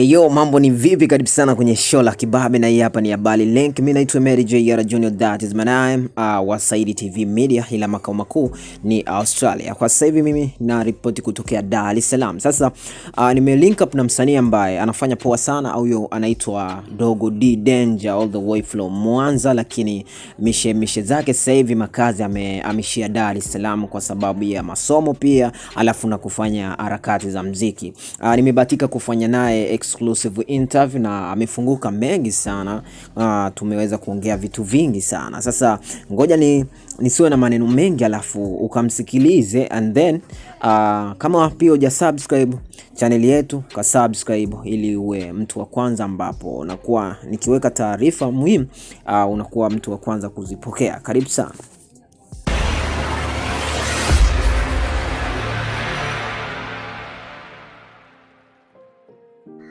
Eyo, mambo ni vipi? Karibu sana kwenye show la Kibabe, na hii hapa ni habari link. Mimi naitwa Mary JR Junior, that is my name, uh, wa Saidi TV Media, ila makao makuu ni Australia. Kwa sasa hivi mimi na ripoti kutokea Dar es Salaam. Sasa uh, ah, nime link up na msanii ambaye anafanya poa sana, au yo anaitwa Dogo D Danger all the way from Mwanza, lakini mishe mishe zake sasa hivi makazi amehamishia Dar es Salaam kwa sababu ya masomo pia, alafu na kufanya harakati za mziki. Uh, nimebahatika kufanya naye exclusive interview na amefunguka mengi sana. Uh, tumeweza kuongea vitu vingi sana. Sasa ngoja ni nisiwe na maneno mengi, alafu ukamsikilize and then uh, kama pia uja subscribe channel yetu ka subscribe, ili uwe mtu wa kwanza ambapo unakuwa nikiweka taarifa muhimu uh, unakuwa mtu wa kwanza kuzipokea. Karibu sana.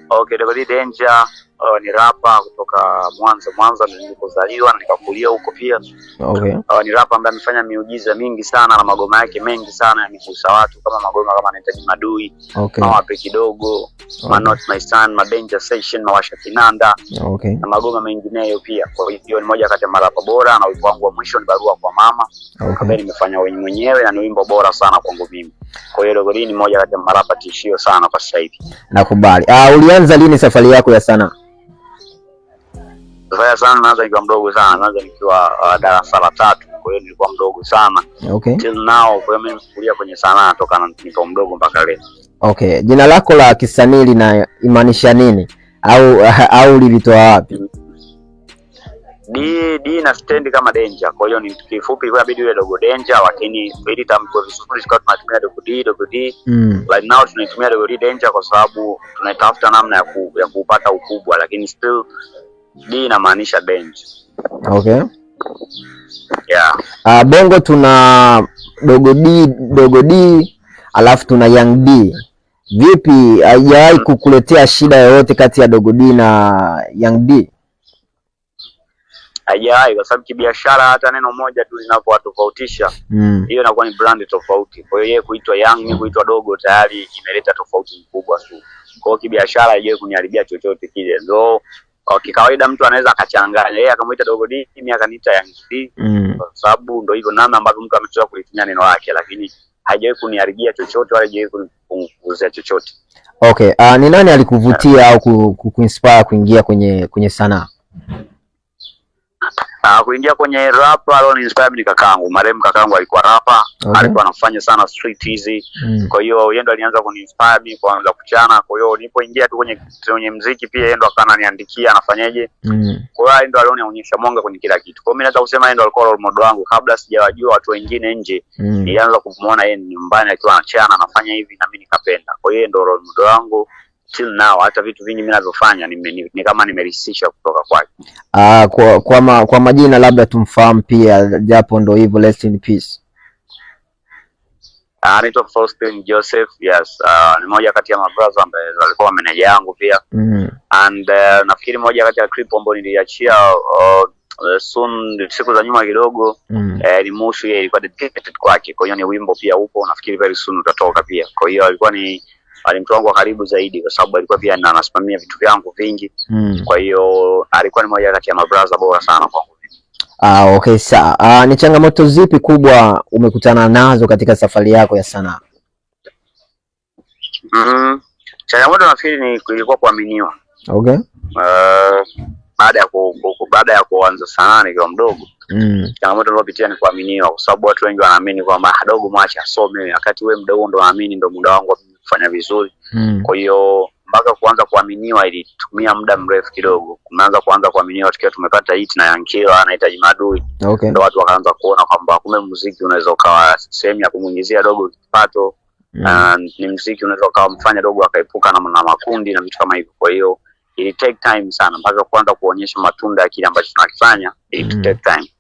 Okay, Double D Danger uh, ni rapa kutoka Mwanza. Mwanza nilipozaliwa na nikakulia huko pia. Okay. Uh, ni rapa ambaye amefanya miujiza mingi sana na magoma yake mengi sana yamegusa watu kama magoma kama anahitaji madui, okay. mawape kidogo, okay. Ma not my son, ma danger session, ma washa kinanda. Okay. Na magoma mengineyo pia. Kwa hiyo ni moja kati ya marapa bora na wimbo wangu wa mwisho ni barua kwa mama. Okay. Kabla nimefanya wenyewe na ni wimbo bora sana kwangu mimi. Kwa hiyo Dogo D ni moja kati ya marapa tishio sana kwa sasa hivi. Nakubali. Ah, ulianza lini safari yako ya sanaa? Safari sana naanza nikiwa mdogo sana, naanza nikiwa uh, darasa la tatu, kwa hiyo nilikuwa mdogo sana. Okay. Till now, kwa hiyo mimi nimekulia kwenye sanaa toka nipo mdogo mpaka leo. Okay. Jina lako la kisanii linamaanisha nini? Au au lilitoa wapi? Mm -hmm. D, D na stand kama Danger. Kwa hiyo ni kifupi kwa bidii ile dogo Danger, lakini ili tamko vizuri tukawa tunatumia dogo D, dogo D. Mm. Right now tunatumia dogo D Danger kwa sababu tunatafuta namna ya ku, ya kupata ukubwa lakini still D inamaanisha Danger. Okay. Yeah. Uh, Bongo tuna dogo D, dogo D alafu tuna Young D. Vipi, haijawahi kukuletea shida yoyote kati ya dogo D na Young D? haijawahi kwa sababu kibiashara hata neno moja tu linapowatofautisha mm. hiyo, mm. inakuwa ni brand tofauti. Kwa hiyo yeye kuitwa Young mm. kuitwa dogo tayari imeleta tofauti mkubwa tu. Kwa hiyo kibiashara haijawahi kuniharibia chochote kile, ndo kwa kikawaida mtu anaweza akachanganya, yeye akamwita dogo D, mimi akaniita Young D mm. kwa sababu ndo hivyo namna ambavyo mtu amezoea kulitumia neno lake, lakini haijawahi kuniharibia chochote wala haijawahi kunipunguzia chochote. Okay, uh, ni nani alikuvutia yeah. au kukuinspire kuingia kwenye kwenye sanaa? Uh, kuingia kwenye rap alioninspire ni kakangu marehemu kakangu alikuwa rapa okay. Alikuwa anafanya sana street hizi mm. Kwa hiyo yeye ndo alianza kuninspire mimi kuanza kuchana. Kwa hiyo nilipoingia tu kwenye kwenye muziki pia yeye ndo akawa ananiandikia anafanyaje mm. Kwa hiyo ndo alionionyesha mwanga kwenye kila kitu. Kwa hiyo mimi naweza kusema yeye ndo alikuwa role model wangu kabla sijawajua watu wengine nje mm. Nilianza kumuona yeye nyumbani akiwa anachana anafanya hivi na mimi nikapenda. Kwa hiyo yeye ndo role model wangu till now hata vitu vingi mimi ninavyofanya ni, ni ni kama nimerisisha kutoka kwake. Ah, kwa kwa, ma, kwa majina labda tumfahamu pia japo ndo hivyo, rest in peace. Ah, anaitwa Faustin Joseph. Yes, uh, ni moja kati ya mabrazo ambaye walikuwa meneja yangu pia. Mm. And uh, nafikiri moja kati ya clip ambayo niliachia uh, soon siku za nyuma kidogo mm. Eh, ni Mushu yeye eh, ilikuwa dedicated kwake, kwa hiyo ni wimbo pia upo, nafikiri very soon utatoka pia, kwa hiyo alikuwa ni ni mtu wangu wa karibu zaidi, kwa sababu alikuwa pia anasimamia vitu vyangu vingi mm. Kwa hiyo alikuwa ni moja kati ya mabraza bora sana kwangu. Ah, okay sawa. Ah, ni changamoto zipi kubwa umekutana nazo katika safari yako ya sanaa? Mm, -hmm. changamoto nafikiri ni ilikuwa kuaminiwa. Okay. Uh, baada ya baada ya kuanza sanaa nikiwa mdogo mm. changamoto nilopitia ni kuaminiwa, kwa sababu watu wengi wanaamini kwamba ah, dogo mwache asome, wakati wewe mdogo ndo unaamini ndo muda wangu kufanya vizuri mm. Kwa hiyo mpaka kuanza kuaminiwa ilitumia muda mrefu kidogo. Kumeanza kuanza kuaminiwa tukiwa tumepata hit na Yankila anahitaji maadui, okay. Ndo watu wakaanza kuona kwamba kumbe muziki unaweza ukawa sehemu ya kumuingizia dogo kipato mm. Na ni muziki unaweza ukawa mfanya dogo akaepuka na, na makundi na vitu kama hivyo. Kwa hiyo ili take time sana mpaka kuanza kuonyesha matunda ya kile ambacho tunakifanya ili mm. take time.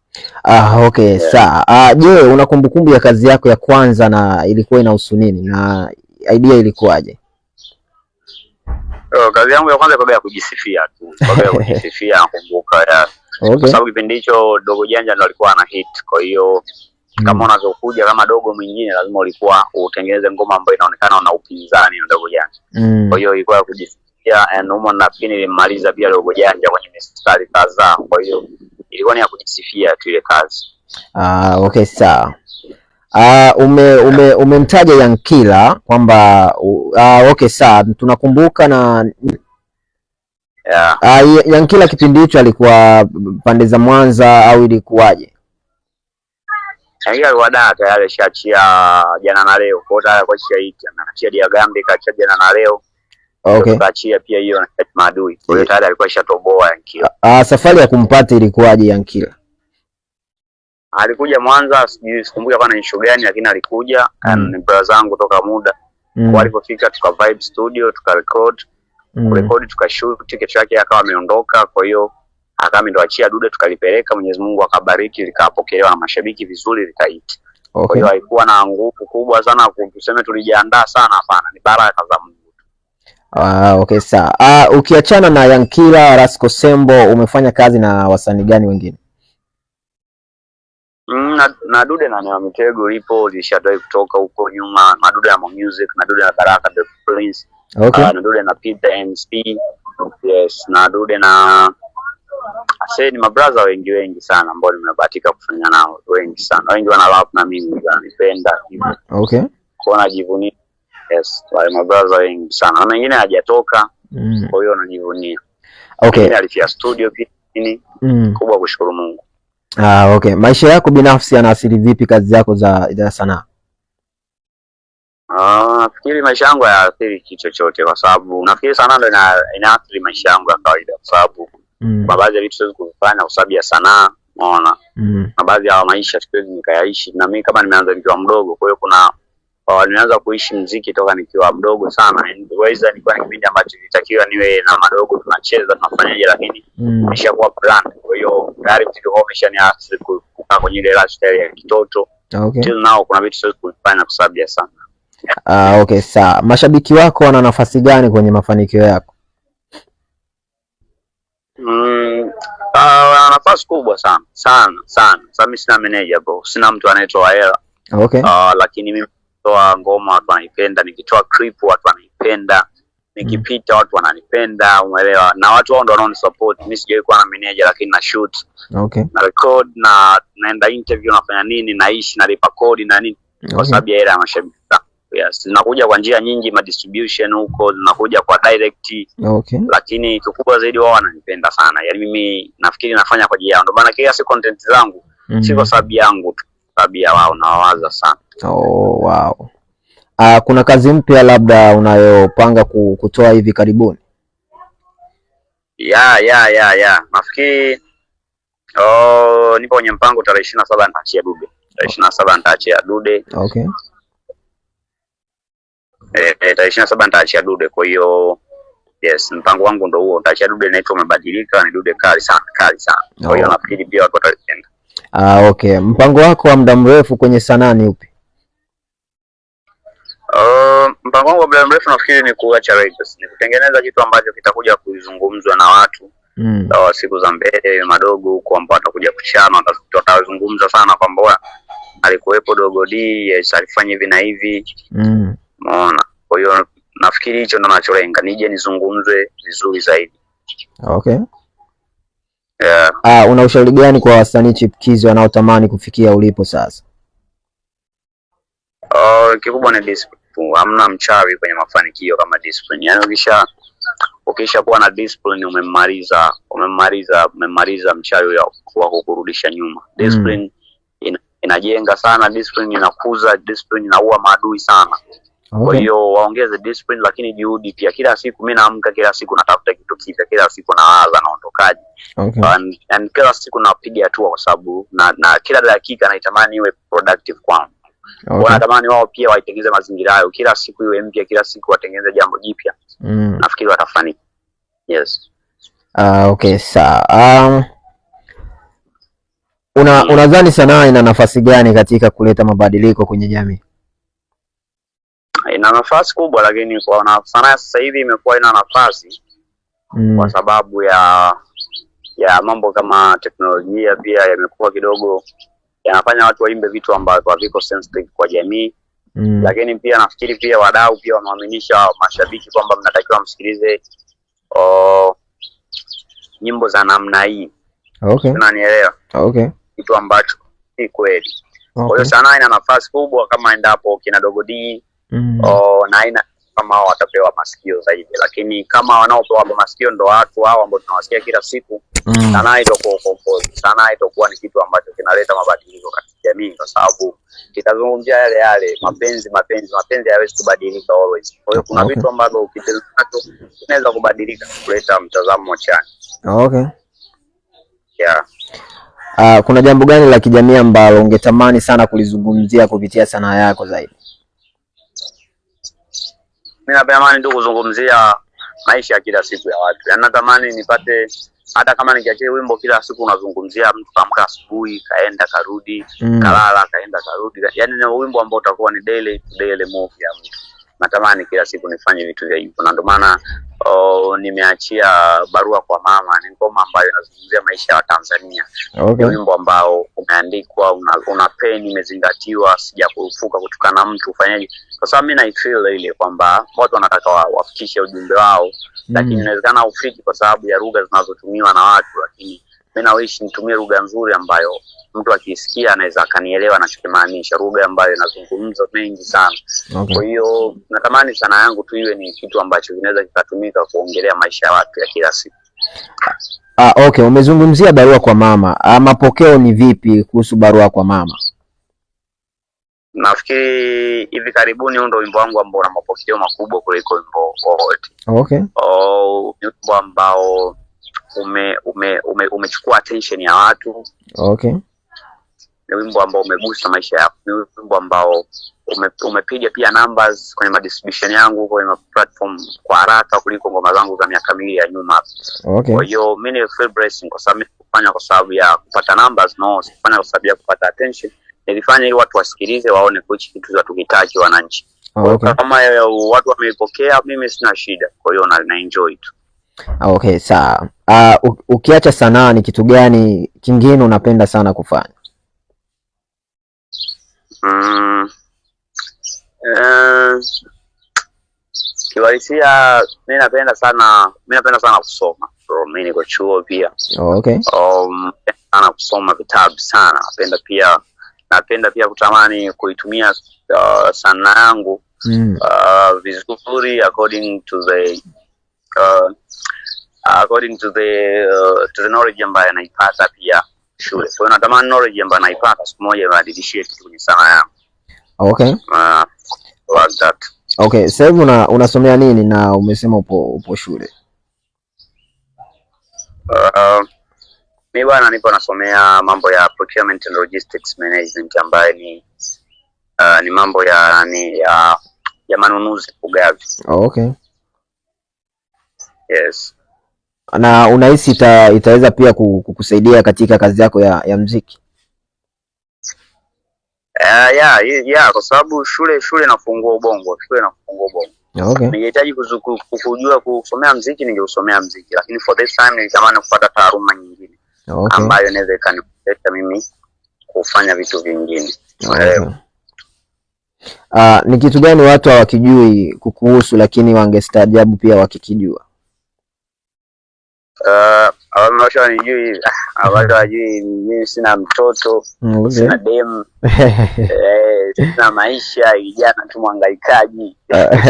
Ah, okay yeah. Sawa. Ah, je, una kumbukumbu ya kazi yako ya kwanza na ilikuwa inahusu nini na idea ilikuwaje? Oh, kazi yangu ya kwanza kwa ya kujisifia tu, kwa ya kujisifia nakumbuka ya okay. Kwa sababu kipindi hicho Dogo Janja ndo alikuwa ana hit, kwa hiyo mm. kama unavyokuja kama dogo mwingine lazima ulikuwa utengeneze ngoma ambayo inaonekana una upinzani na Dogo Janja mm. kwa hiyo ilikuwa ya kujisifia and na pini nilimaliza pia Dogo Janja kwenye mistari kadhaa, kwa hiyo ilikuwa ni ya kujisifia tu ile kazi. Ah, okay sawa Uh, ume, ume, umemtaja Yankila kwamba uh, okay saa tunakumbuka na yeah. Uh, ah, Yankila kipindi hicho alikuwa pande za Mwanza au ilikuwaje? alikuwa daa tayari ashaachia jana na leo kwa dia Diagambe kaachia jana na leo okay. Kaachia pia hiyo na maadui, kwa hiyo tayari alikuwa ashatoboa Yankila. Uh, safari ya kumpata ilikuwaje Yankila? alikuja Mwanza, sijui sikumbuki kwa issue gani, lakini alikuja mm. ni brother zangu toka muda mm. kwa alipofika, tuka vibe studio tuka record mm. record tuka shoot, kesho yake akawa ameondoka, kwa hiyo akawa ndo achia dude, tukalipeleka Mwenyezi Mungu akabariki, likapokelewa na mashabiki vizuri, likaiti okay. Kwa hiyo haikuwa na nguvu kubwa sana tuseme tulijiandaa sana, hapana, ni baraka za Mungu. Ah, okay sawa. Ah, ukiachana na Yankila Rasco Sembo, umefanya kazi na wasanii gani wengine? Mm, na, na dude na Mewa Mitego ipo lishadai kutoka huko nyuma, na dude ya Mo Music na dude na Baraka the Prince okay. Uh, na dude na Peter MC. yes, na dude na Ase ni mabraza wengi wengi sana ambao nimebahatika kufanya nao wengi sana, wengi wana love na mimi wananipenda hivyo okay, Kuona jivuni. yes, wale mabraza wengi sana na mengine hajatoka mm. Kwa hiyo najivunia okay, alifia studio pia nini mm. kubwa, kushukuru Mungu Ah, okay. Maisha yako binafsi yanaathiri vipi kazi zako za za sanaa? Ah, nafikiri maisha yangu hayaathiri kitu chochote kwa sababu nafikiri sanaa ndio inaathiri maisha yangu ya kawaida kwa sababu mm. baadhi ya vitu siwezi kuvifanya kwa sababu ya sanaa, unaona. Mm. baadhi ya maisha siwezi nikayaishi na mimi kama nimeanza nikiwa mdogo, kwa hiyo kuna kwa nimeanza kuishi mziki toka nikiwa mdogo sana. Waweza nilikuwa ni kipindi ambacho nilitakiwa niwe na madogo tunacheza tunafanyaje, lakini mm. nishakuwa brand tayari mziki wao umeshaniasi kukaa kwenye ile lifestyle ya kitoto ah, okay. Till now kuna vitu siwezi kuvifanya kwa sababu ya sana. Ah, okay sawa. Mashabiki wako wana nafasi gani kwenye mafanikio yako? Mm, ah, wana uh, nafasi kubwa sana sana sana. Sasa mimi sina manager bro, sina mtu anayetoa hela ah, okay. Uh, lakini mimi toa ngoma watu wanaipenda, nikitoa clip watu wanaipenda nikipita mm. watu wananipenda, umeelewa, na watu wao ndo wanaonisupport mimi. Sijawahi kuwa na manager, lakini na shoot okay, na record na naenda interview, nafanya nini, naishi, nalipa kodi na nini, kwa sababu ya hela ya mashabiki. Yes, zinakuja kwa njia nyingi, ma distribution huko zinakuja kwa direct okay, lakini kikubwa zaidi wao wananipenda sana, yaani mimi nafikiri nafanya kwa ajili yao, ndio maana kila si content zangu mm -hmm, si kwa mm. sababu yangu tu, sababu ya wao nawawaza sana. Oh, wow. Uh, kuna kazi mpya labda unayopanga kutoa hivi karibuni? ya ya ya ya nafikiri oh, nipo kwenye mpango, tarehe ishirini na saba nitaachia dude, tarehe ishirini na saba nitaachia dude. Okay. Eh, eh tarehe ishirini na saba nitaachia dude, kwa hiyo yes, mpango wangu ndio huo, nitaachia dude. Naitwa umebadilika, ni dude kali sana, kali sana. Kwa hiyo oh. nafikiri pia watu watalipenda. Ah, okay, mpango wako wa muda mrefu kwenye sanaa ni upi? Uh, mpango wangu wa muda mrefu nafikiri ni kuacha Raiders, ni kutengeneza kitu ambacho kitakuja kuzungumzwa na watu mm. wa siku za mbele madogo huko ambao watakuja kuchana, watazungumza sana kwamba alikuwepo Dogo D yes, alifanya hivi na hivi mm. Umeona, kwa hiyo nafikiri hicho ndo nacholenga, nije nizungumzwe vizuri zaidi. Okay. Yeah. Ah, una ushauri gani kwa wasanii chipkizi wanaotamani kufikia ulipo sasa? Uh, kikubwa ni tu, hamna mchawi kwenye mafanikio kama discipline. Yani ukisha ukisha kuwa na discipline, umemmaliza umemmaliza umemmaliza mchawi wa kukurudisha nyuma. Mm. Discipline mm. inajenga sana, discipline inakuza, discipline inaua maadui sana. Okay. Kwa hiyo waongeze discipline, lakini juhudi pia. Kila siku mimi naamka, kila siku natafuta kitu kipya, kila siku nawaza naondokaje. Okay. And, and kila siku napiga hatua, kwa sababu na, na kila dakika naitamani iwe productive kwangu okay. Wanatamani wao pia waitengeneze mazingira hayo, kila siku iwe mpya, kila siku watengeneze jambo jipya mm. Nafikiri watafanikiwa. Yes. Uh, okay, sawa. Um, una unadhani sanaa ina nafasi gani katika kuleta mabadiliko kwenye jamii? Ina nafasi kubwa, lakini kwa sanaa sasa hivi imekuwa ina nafasi mm. kwa sababu ya ya mambo kama teknolojia pia yamekuwa kidogo yanafanya watu waimbe vitu ambavyo haviko sensitive kwa jamii mm. Lakini pia nafikiri pia wadau pia wameaminisha mashabiki kwamba mnatakiwa msikilize oh, nyimbo za namna hii okay. Unanielewa? Okay. Kitu ambacho si kweli okay. Kwa hiyo sanaa ina nafasi kubwa kama endapo kina Dogo D mm. Oh, na aina kama hao watapewa masikio zaidi, lakini kama wanaopewa masikio ndo watu hao ambao tunawasikia kila siku mm. Sanaa itakuwa ukombozi, sanaa itakuwa ni kitu ambacho kinaleta mabadiliko katika jamii, kwa sababu kitazungumzia yale yale mapenzi, mapenzi, mapenzi hayawezi kubadilika always. Kwa hiyo kuna vitu okay, ambavyo ukitendo nacho inaweza kubadilika kuleta mtazamo chanya. Okay, yeah. Uh, kuna jambo gani la kijamii ambalo ungetamani sana kulizungumzia kupitia sanaa yako zaidi? mimi natamani tu kuzungumzia maisha ya kila siku ya watu, yaani natamani nipate hata kama nikiachia wimbo kila siku unazungumzia mtu kaamka asubuhi kaenda karudi mm. kalala kaenda karudi, yaani ni wimbo ambao utakuwa ni daily daily move ya mtu. Natamani kila siku nifanye vitu vya hivyo, na ndio maana oh, nimeachia barua kwa mama, ni ngoma ambayo inazungumzia maisha ya Tanzania. Okay. ni wimbo ambao umeandikwa una, una peni imezingatiwa, sijakurufuka kutukana na mtu ufanyaje kwa sababu mi naifeel ile kwamba watu wanataka wafikishe ujumbe wao, mm. lakini inawezekana ufiki kwa sababu ya lugha zinazotumiwa na watu, lakini mi nawishi nitumie lugha nzuri ambayo mtu akiisikia anaweza akanielewa nachokimaanisha, lugha ambayo inazungumzwa mengi sana. Okay. Kwa hiyo natamani sana yangu tu iwe ni kitu ambacho kinaweza kikatumika kuongelea maisha ya watu ya kila siku. Ah, okay, umezungumzia barua kwa mama. Ah, mapokeo ni vipi kuhusu barua kwa mama? nafikiri hivi karibuni huu ndo wimbo wangu ambao una mapokeo makubwa kuliko wimbo wowote. Okay. Oh, wimbo ambao ume ume umechukua ume attention ya watu. Okay. Ni wimbo ambao umegusa maisha yako. Ni wimbo ambao umepiga pia numbers kwenye madistribution yangu kwenye platform kwa haraka kuliko ngoma zangu za miaka miwili ya nyuma. Okay. Kwa hiyo mimi ni feel blessing kwa sababu kufanya kwa sababu ya kupata numbers no, sifanya kwa sababu ya kupata attention nilifanya ili watu wasikilize, waone kuchi kitu za tukitaki wananchi. Oh, okay. Kama eh, watu wameipokea, mimi sina shida, kwa hiyo na enjoy tu. Ah, okay, sawa. Uh, ukiacha sanaa ni kitu gani kingine unapenda sana kufanya? Mm, eh, kiwalisia mi napenda sana mi napenda sana kusoma mi niko chuo pia. Oh, okay. Um, sana kusoma vitabu sana, napenda pia napenda pia kutamani kuitumia uh, sanaa yangu mm. uh, vizuri according to the uh, according to the uh, to the knowledge ambayo naipata pia shule. Kwa hiyo natamani knowledge ambayo naipata siku moja ibadilishie kitu kwenye sanaa yangu. Okay. Uh, like that. Okay, sasa hivi una, unasomea nini na umesema upo upo shule? Uh, Mi bwana, niko nasomea mambo ya procurement and logistics management ambayo ni uh, ni mambo ya ni ya, ya manunuzi ugavi. Oh, okay. Yes. Na unahisi ita, itaweza pia kukusaidia katika kazi yako ya, ya mziki? Uh, ya, ya kwa sababu shule shule inafungua ubongo, shule inafungua ubongo. Oh, okay. Ningehitaji kujua kusomea mziki ningeusomea mziki, lakini for this time nilitamani kupata taaluma nyingine okay, ambayo inaweza ikaniwezesha mimi kufanya vitu vingine okay. Uh, ni kitu gani watu hawakijui kukuhusu lakini wangestaajabu pia wakikijua? Uh, watu wanijui, ah, watu wajui mimi sina mtoto mm, okay. Sina demu eh, sina maisha, vijana tu mwangaikaji.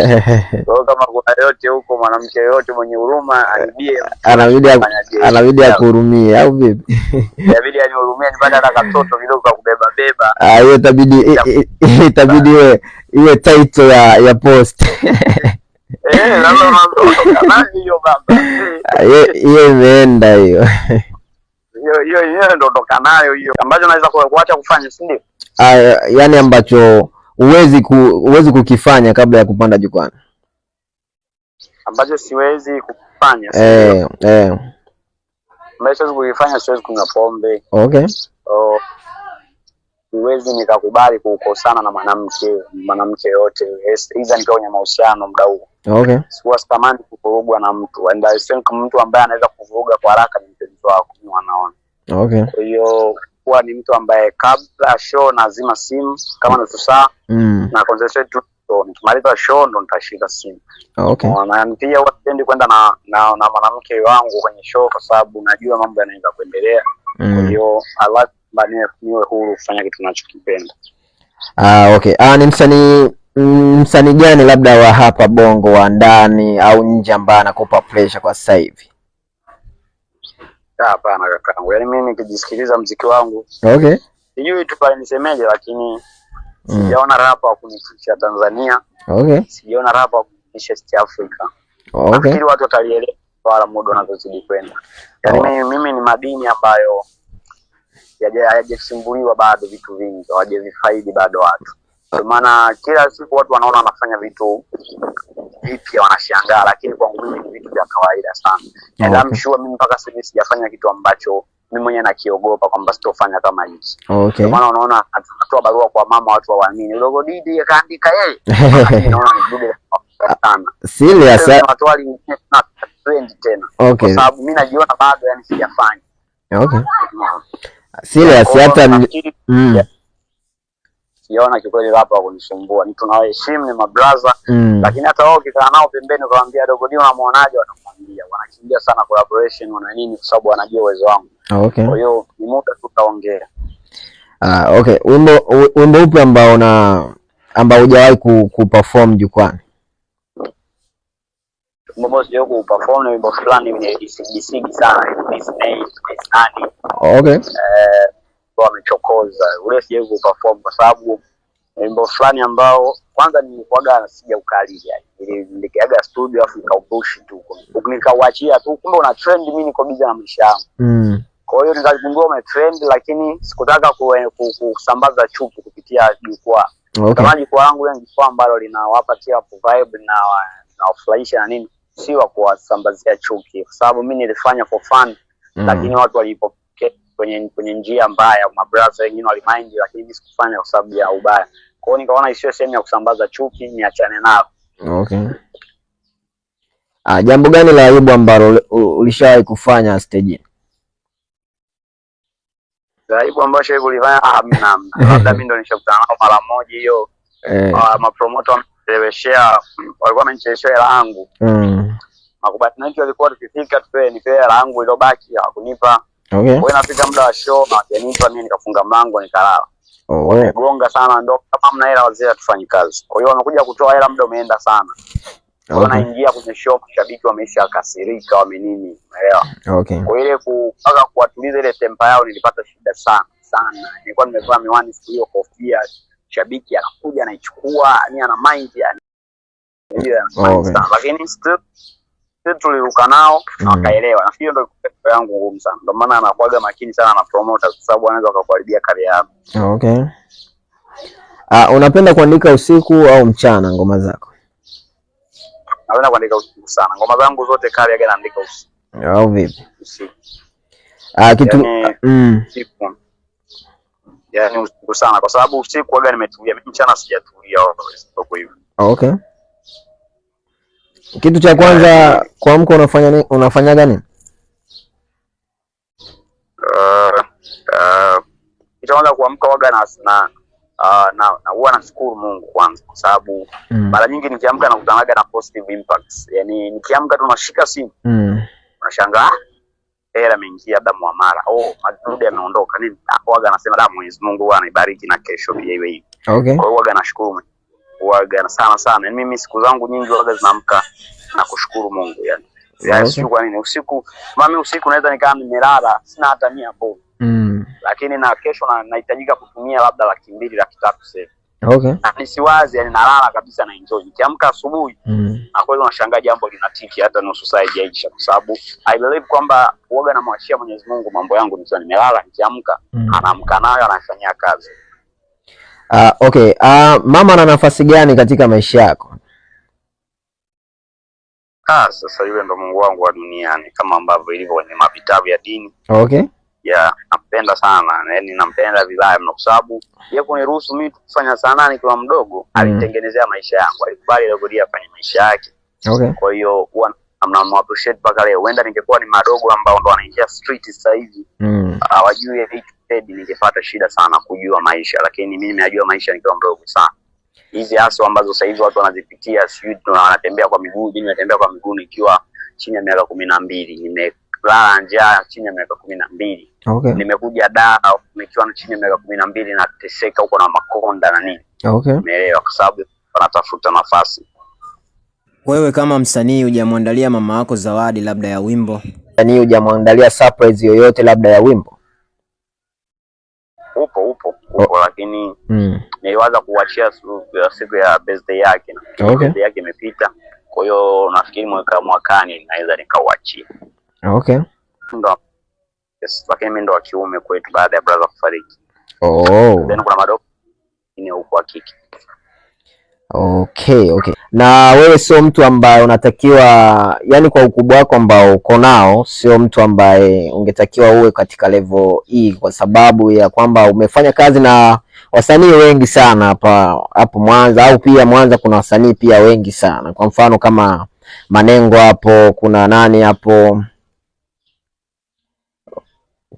Kwa kama kuna yote huko, mwanamke yoyote mwenye huruma anibie, anabidi akuhurumie au vipi? Inabidi anihurumie nipate hata katoto kidogo ka kubeba beba. Ah, hiyo itabidi iwe title ya ya post Eh, hiyo imeenda hiyo hiyo yenyewe ndio toka nayo hiyo, ambacho naweza kuacha kufanya, si ndio? Yaani ambacho huwezi ku, huwezi kukifanya kabla ya kupanda jukwani, ambacho siwezi kufanya, eh eh, ambacho siwezi kukifanya, siwezi kunywa pombe. Okay, oh, siwezi nikakubali kukosana na mwanamke mwanamke yote, aidha nikiwa kwenye mahusiano muda huo Okay. Sikuwa kuvurugwa na mtu and I think mtu ambaye anaweza kuvuruga kwa haraka ni mpenzi wako, ni wanaona. Okay. Kwa hiyo kuwa ni mtu ambaye kabla show nazima simu kama nusu saa mm. na concentrate tu nikimaliza show ndo nitashika simu. Okay. Na yaani pia wasipendi kwenda na na, na mwanamke wangu kwenye show kwa sababu najua mambo yanaweza kuendelea. Mm. Kwa hiyo like niwe huru kufanya kitu ninachokipenda. Ah, okay. Ah, ni msanii Mm, msanii gani labda wa hapa Bongo wa ndani au nje ambaye anakupa pressure kwa sasa hivi? Ah, hapana kakaangu, yaani mimi nikijisikiliza mziki wangu okay, sijui tu pale nisemeje, lakini mm, sijaona rapa wa kunifikisha Tanzania okay, sijaona rapa wa kunifikisha East Africa okay. Nafikiri watu watalielewa wala muda unavyozidi kwenda, yaani okay, oh. mimi, mimi ni madini ambayo hayajachimbuliwa bado, vitu vingi hawajavifaidi bado watu kwa eh, maana kila siku watu wanaona wanafanya vitu vipya wanashangaa, lakini kwangu mimi ni vitu vya kawaida sana. Oh, yaani okay. I'm sure mimi mpaka sasa sijafanya kitu ambacho mimi mwenyewe nakiogopa kwamba sitofanya kama hichi. Oh, okay. Kwa maana unaona atatoa barua kwa mama watu waamini. Logo Didi akaandika yeye. Naona ni bure sana. Serious. Eh? Watu wali na trend tena. Okay. Kwa sababu mimi najiona bado yani sijafanya. Okay. Serious hata sijaona kikweli hapa wakunisumbua, ni tunawaheshimu, ni mabraza mm. Lakini hata wao ukikaa nao pembeni ukawaambia Dogo D unamwonaje, wanakwambia wanakimbia sana collaboration, wana nini, kwa sababu wanajua uwezo wangu. Okay, kwa hiyo ni muda tutaongea. Ah, uh, okay, wimbo wimbo upi ambao na ambao hujawahi ku, ku perform jukwani? Mbona sio wimbo fulani ni sana ni Okay, eh uh, ambao wamechokoza ule, sijaweza kuperform kwa sababu wimbo eh, fulani ambao kwanza nilikuwaga sija ukalili nilikiaga studio afu nikaupushi tu nikauachia tu, kumbe una trend, mimi niko busy na maisha yangu mm. Kwa hiyo nikagundua ume trend, lakini sikutaka eh, kusambaza chupu kupitia jukwaa okay. Kama jukwaa langu ni jukwaa ambalo linawapatia vibe na nawafurahisha na nini, si wa kuwasambazia chuki, kwa sababu mimi nilifanya for fun mm. Lakini watu walipo kwenye kwenye njia mbaya, mabrasa wengine walimind, lakini mimi sikufanya kwa sababu ya ubaya. Kwa hiyo nikaona isiyo sehemu ya kusambaza chuki, niachane nao. Okay. Ah, jambo gani la aibu ambalo ulishawahi kufanya stage? La aibu ambayo shawahi kulifanya, ah, mimi na Labda mimi ndo nishakutana nao mara moja hiyo. Eh. Uh, ah, mapromoter wamecheleweshea, walikuwa wamenicheleweshea hela yangu. Mm. Makubaliano yetu yalikuwa tukifika tupe ni hela yangu iliyobaki, hawakunipa. Okay. Kwa inafika muda wa show na wakinipa mimi nikafunga mlango nikalala. Oh, wewe. Gonga sana ndo kama mna hela wazee atufanye kazi. Kwa hiyo wamekuja kutoa hela muda umeenda sana. Okay. Wanaingia kwenye show mashabiki wameisha kasirika wame nini, umeelewa? Okay. Kwa ile kupaka kuwatuliza ile tempa yao nilipata shida sana sana. Nilikuwa nimevaa miwani siku hiyo, kofia, shabiki anakuja anaichukua, yani ana mind yani. Ndio, lakini still sisi tuliruka nao na mm. wakaelewa. Na hiyo ndio kitu yangu ngumu sana, ndio maana anakuaga makini sana na promoter, kwa sababu anaweza kukuharibia career yako. Okay. Ah, Uh, unapenda kuandika usiku au mchana ngoma zako? Napenda kuandika usiku sana ngoma zangu zote, kali aga naandika usiku. Au vipi? Usiku. Ah, kitu yani, ah, mm. Usiku. Yani usiku sana kwa sababu usiku aga nimetulia, mchana sijatulia au hivyo. Okay. Kitu cha kwanza kuamka, unafanya nini? unafanya gani? Uh, uh, kitu kwanza kuamka waga na na uh, na huwa na, nashukuru Mungu kwanza kwa sababu mm. mara mm. nyingi nikiamka nakutanaga na positive impacts. Yaani nikiamka tu nashika simu mm. unashangaa hela ameingia damu wa mara oh, madudu ameondoka nini. Hapo ah, Waga nasema da, Mwenyezi Mungu anaibariki na kesho pia iwe hivi. Okay. Kwa hiyo waga nashukuru Mungu na sana sana. yani Mimi siku zangu nyingi waga zinaamka na kushukuru Mungu yani. Yeah, sio kwa nini usiku mami, usiku naweza nikaa nimelala sina hata mia bob mm. Lakini na kesho na nahitajika kutumia labda laki mbili laki tatu sasa, okay, na nisiwazi yani, nalala kabisa na enjoy. Nikiamka asubuhi mm. na kweli unashangaa jambo linatiki hata nusu saa haijaisha, kwa sababu I believe kwamba uoga namwachia Mwenyezi Mungu mambo yangu nikiwa nimelala, nikiamka mm. anaamka nayo anafanyia kazi. Uh, okay. Uh, mama ana nafasi gani katika maisha yako? Ah, sasa yule ndo Mungu wangu wa duniani kama ambavyo ilivyo kwenye mavitabu ya dini. Okay. Ya, nampenda sana. Yaani nampenda vibaya mno kwa sababu yeye kuniruhusu mimi kufanya sanaa nikiwa mdogo, mm. Alitengenezea maisha yangu. Alikubali rekodi afanye maisha yake. Okay. Kwa hiyo mnamappreciate mpaka leo. Huenda ningekuwa ni madogo ambao ndo wanaingia street sasa hivi mm. ah, hawajui mm. uh, ningepata shida sana kujua maisha, lakini mimi najua maisha nikiwa mdogo sana. Hizi hasa ambazo sasa hivi watu wanazipitia, sijui wanatembea kwa miguu. Mimi natembea kwa miguu nikiwa chini ya miaka kumi na mbili nimelala njaa chini ya miaka kumi na mbili okay. Nimekuja daa nikiwa chini ya miaka kumi na mbili nateseka huko na makonda na nini okay. Umeelewa, kwa sababu wanatafuta nafasi wewe kama msanii hujamwandalia mama yako zawadi labda ya wimbo? Msanii hujamwandalia surprise yoyote labda ya wimbo? Upo upo upo oh. Lakini mm. niliwaza kuachia siku ya birthday yake na okay. birthday yake imepita, kwa hiyo nafikiri mwaka mwakani naweza nikauachia. Okay. Ndo. Yes, lakini mimi ndo wa kiume kwetu baada ya brother kufariki. Oh. Then kuna madogo ni huko wa kike. Okay, okay. Na wewe sio mtu ambaye unatakiwa, yani kwa ukubwa wako ambao uko nao, sio mtu ambaye ungetakiwa uwe katika level hii, e kwa sababu ya kwamba umefanya kazi na wasanii wengi sana hapa hapo Mwanza, au pia Mwanza kuna wasanii pia wengi sana, kwa mfano kama Manengo hapo, kuna nani hapo,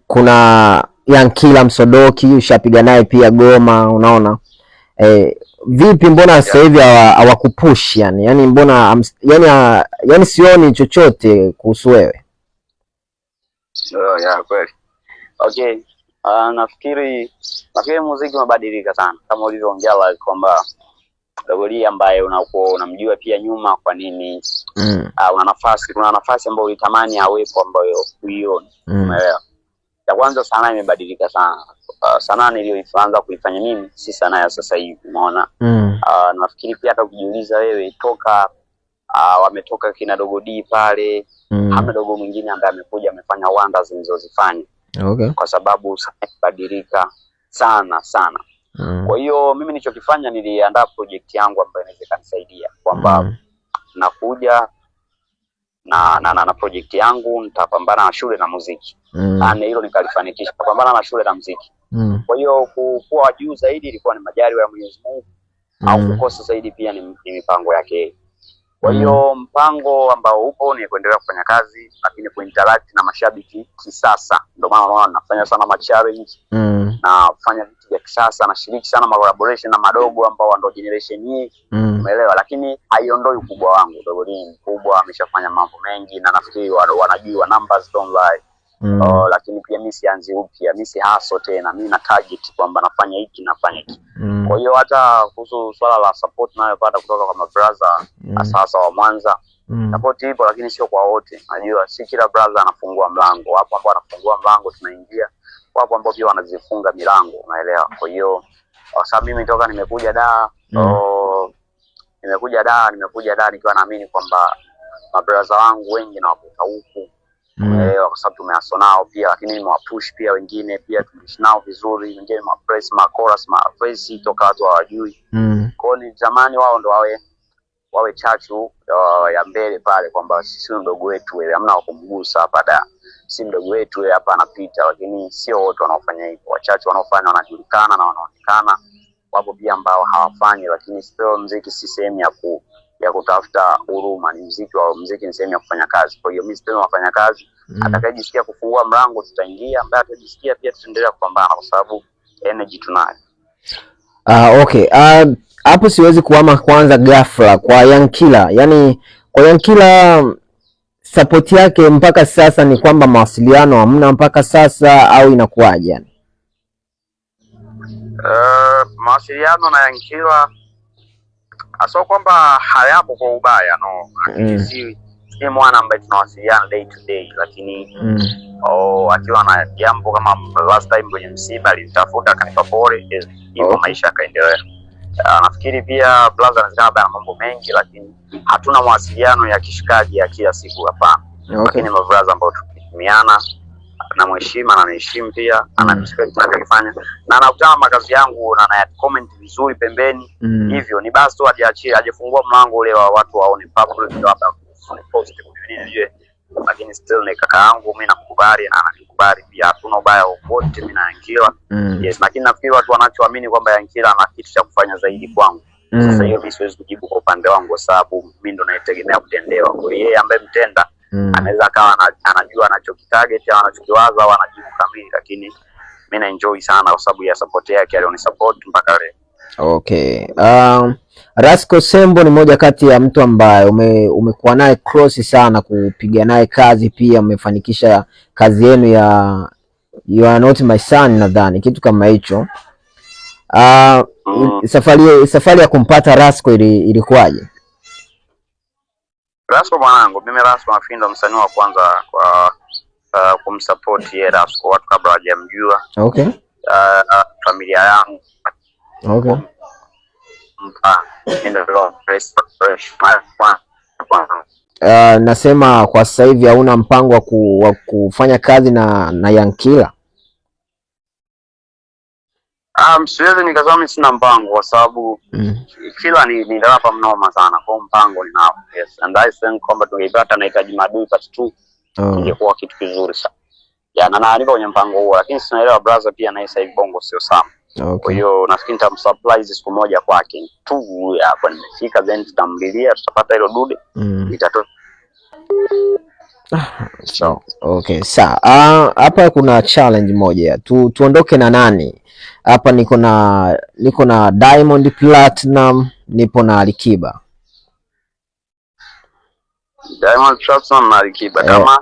kuna Yankila Msodoki ushapiga naye pia Goma, unaona eh, vipi, mbona sasa hivi hawakupush yani, yani mbona yani, yani sioni chochote kuhusu wewe. Oh, kweli okay. Uh, nafikiri nafikiri muziki umebadilika sana kama ulivyoongea like kwamba Dogoli ambaye unakuwa unamjua pia nyuma, kwa nini mm. Uh, una nafasi kuna nafasi ambayo ulitamani awepo ambayo huioni, mm. umeelewa mm. Cha kwanza, sanaa imebadilika sana. Uh, sanaa niliyoanza kuifanya mimi si sanaa ya sasa hivi, umeona mm. Uh, nafikiri pia hata ukijiuliza wewe toka uh, wametoka kina Dogo D pale mm. Hamna dogo mwingine ambaye amekuja amefanya wanda zilizozifanya okay. Kwa sababu sanaa imebadilika sana sana mm. Kwa hiyo mimi nilichokifanya niliandaa project yangu ambayo inaweza kanisaidia kwamba mm. nakuja na, na, na, na project yangu nitapambana na shule na muziki mm. Ah, na hilo nikalifanikisha, kupambana na shule na muziki mm. Kwa hiyo kuwa juu zaidi ilikuwa ni majaliwa ya Mwenyezi Mungu mm. au kukosa zaidi pia ni, ni mipango yake. Kwa hiyo mm. mpango ambao upo ni kuendelea kufanya kazi, lakini kuinteract na mashabiki kisasa. Ndio maana unaona nafanya sana ma challenge mm. nafanya vitu vya kisasa, nashiriki sana ma collaboration na madogo ambao ndio generation hii mm. umeelewa, lakini haiondoi ukubwa wangu. Dogo ni mkubwa, ameshafanya mambo mengi na nafikiri wanajua numbers don't lie mm. Uh, lakini pia mi sianzi upya, mi si haso tena, mi na target kwamba nafanya hiki nafanya hiki mm. Kwa hiyo hata kuhusu swala la support nayopata kutoka kwa mabraza asasa mm. wa Mwanza sapoti mm. ipo, lakini sio kwa wote. Najua si kila braza anafungua mlango, wapo ambao anafungua mlango tunaingia, wapo ambao pia wanazifunga milango, unaelewa. Kwa hiyo kwa sababu mimi toka nimekuja da mm. o, nimekuja da nimekuja da nikiwa naamini kwamba mabaraza wangu wengi nawakuta huku unaelewa, mm. eh, kwa sababu tumeaso nao pia, lakini nimewapush pia wengine pia, tuliishi nao vizuri, wengine ma press ma chorus ma toka watu hawajui mm. kwao ni zamani, wao ndo wawe wawe chachu uh, ya mbele pale, kwamba sisi mdogo wetu wewe, hamna wa kumgusa hapa da, si mdogo wetu wewe, hapa anapita. Lakini sio wote wanaofanya hivyo, wachache wanaofanya wanajulikana na wanaonekana, wapo pia ambao hawafanyi, lakini still mziki si sehemu ya ku ya kutafuta huruma, ni mziki wa mziki ni sehemu ya kufanya kazi. Kwa hiyo mimi sipenda wafanya kazi mm. atakayejisikia kufungua mlango tutaingia, ambaye atajisikia pia tutaendelea kupambana kwa sababu energy tunayo. Uh, okay ah, hapo uh, siwezi kuama kwanza ghafla kwa Young Killer, yani kwa Young Killer support yake mpaka sasa ni kwamba mawasiliano hamna mpaka sasa au inakuwaje? Yani uh, mawasiliano na Young Killer aso kwamba hayapo kwa ubaya no mm. si ni mwana ambaye tunawasiliana day to day, lakini mm. oh, akiwa na jambo kama last time kwenye msiba alitafuta akanipa pole hivyo, oh. maisha akaendelea ah, nafikiri pia brother anaweza na mambo mengi, lakini hatuna mawasiliano ya kishikaji ya kila siku, hapana. okay. lakini mabraza ambao tukitumiana namheshimu, ananiheshimu pia, ananirespect ninachofanya na anakutana makazi yangu na anaya comment vizuri pembeni mm. Hivyo ni basi tu ajiachie, ajifungua mlango ule wa watu waone public, post lakini still ni kaka yangu, mimi nakubali na ananikubali pia, hatuna ubaya wowote mimi na Yankila mm. Yes, lakini nafikiri watu wanachoamini kwamba Yankila ana kitu cha kufanya zaidi kwangu mm. Sasa hiyo mi siwezi kujibu kwa upande wangu, kwa sababu mimi ndo naitegemea kutendewa, kwa hiyo yeye ambaye mtenda mm. anaweza akawa anajua anachokitarget au anachokiwaza au anajibu kamili, lakini mimi na enjoy sana kwa sababu ya support yake, alionisupport mpaka leo. Okay. Um, Rasco Sembo ni moja kati ya mtu ambaye ume, umekuwa naye cross sana kupiga naye kazi, pia umefanikisha kazi yenu ya You Are Not My Son nadhani kitu kama hicho. Uh, mm. safari, safari ya kumpata Rasco ili, ilikuwaje? Rasco mwanangu, mimi Rasco Mafindo msanii wa kwanza kwa uh, kumsupport ye Rasco watu kabla hawajamjua. Okay. Uh, uh, familia yangu. Okay. Uh, nasema kwa sasa hivi hauna mpango wa, ku, wa kufanya kazi na na Yankila? Um, siwezi nikasema mimi sina mpango kwa sababu mm. Kila ni, ni darapa mnoma sana kwa mpango ninao. Yes. And I think kwamba tungeipata nahitaji madui part 2 oh. Ingekuwa kitu kizuri sana. Ya na naandika kwenye mpango huo lakini sinaelewa brother pia na sasa hivi bongo sio sana. Okay. Kwa hiyo nafikiri nitam surprise siku moja kwake tu hapo nimefika then tutamlilia tutapata hilo dude. Mm. Itatoka. So, okay, sawa. Ah, hapa uh, kuna challenge moja tu, tuondoke na nani hapa? Niko na niko na Diamond Platinum, nipo na Alikiba. Diamond Platinum na Alikiba eh. kama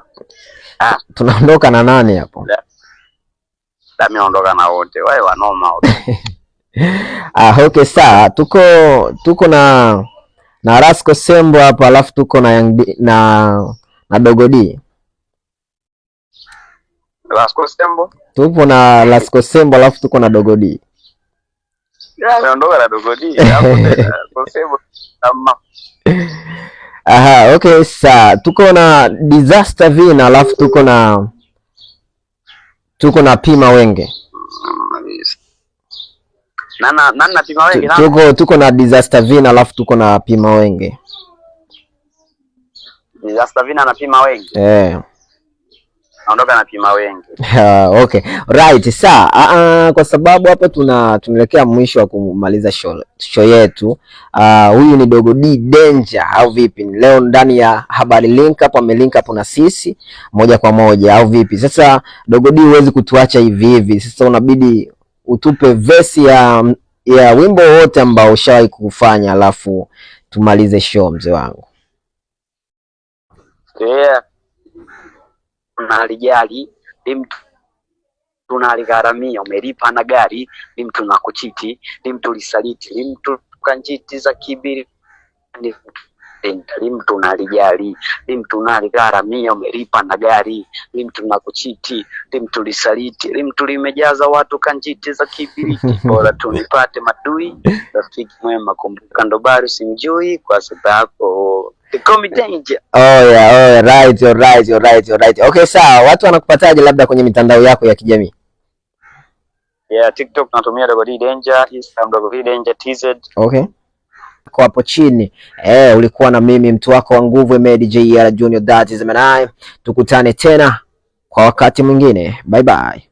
ah, tunaondoka na nani hapo? ondoka na wote wao wanoma wote. Ah, okay, sawa. Tuko tuko na na Rasco Sembo hapa, alafu tuko na Young, na na Dogo D. Lasco Sembo. Tupo na Lasco Sembo alafu tuko na Dogo D. Aha, okay, saa tuko na Disaster Vina alafu tuko na tuko na Pima Wenge tuko, tuko na Disaster Vina alafu tuko na Pima Wenge wengi. Astavina anapima wengi eh. Naondoka anapima wengi. Okay, right. Saa uh, kwa sababu hapa tuna tunaelekea mwisho wa kumaliza show, show yetu. Huyu ni Dogo D Danger au vipi? Leo ndani ya habari link up amelink hapo na sisi moja kwa moja au vipi? Sasa Dogo D, huwezi kutuacha hivi hivi, sasa unabidi utupe vesi ya ya wimbo wote ambao ushawahi kufanya, alafu tumalize show mzee wangu yeye unalijali, ni mtu unaligharamia, umelipa na gari, ni mtu kuchiti ni mtu lisaliti, ni mtu kanjiti za kibiri, ni mtu nalijali, ni mtu naligharamia, umelipa na gari, ni mtu kuchiti ni mtu lisaliti, ni mtu limejaza watu kanjiti za kibiriti. Bora tunipate madui. Rafiki mwema, kumbuka ndo bari simjui kwa sababu Okay, sawa. Watu wanakupataje labda kwenye mitandao yako ya kijamii? Yeah, TikTok natumia Dogo D Danger, Instagram Dogo D Danger TZ. Okay. Kwa hapo chini eh, ulikuwa na mimi mtu wako wa nguvu Ahmed JR Junior, that is tukutane tena kwa wakati mwingine. Bye bye.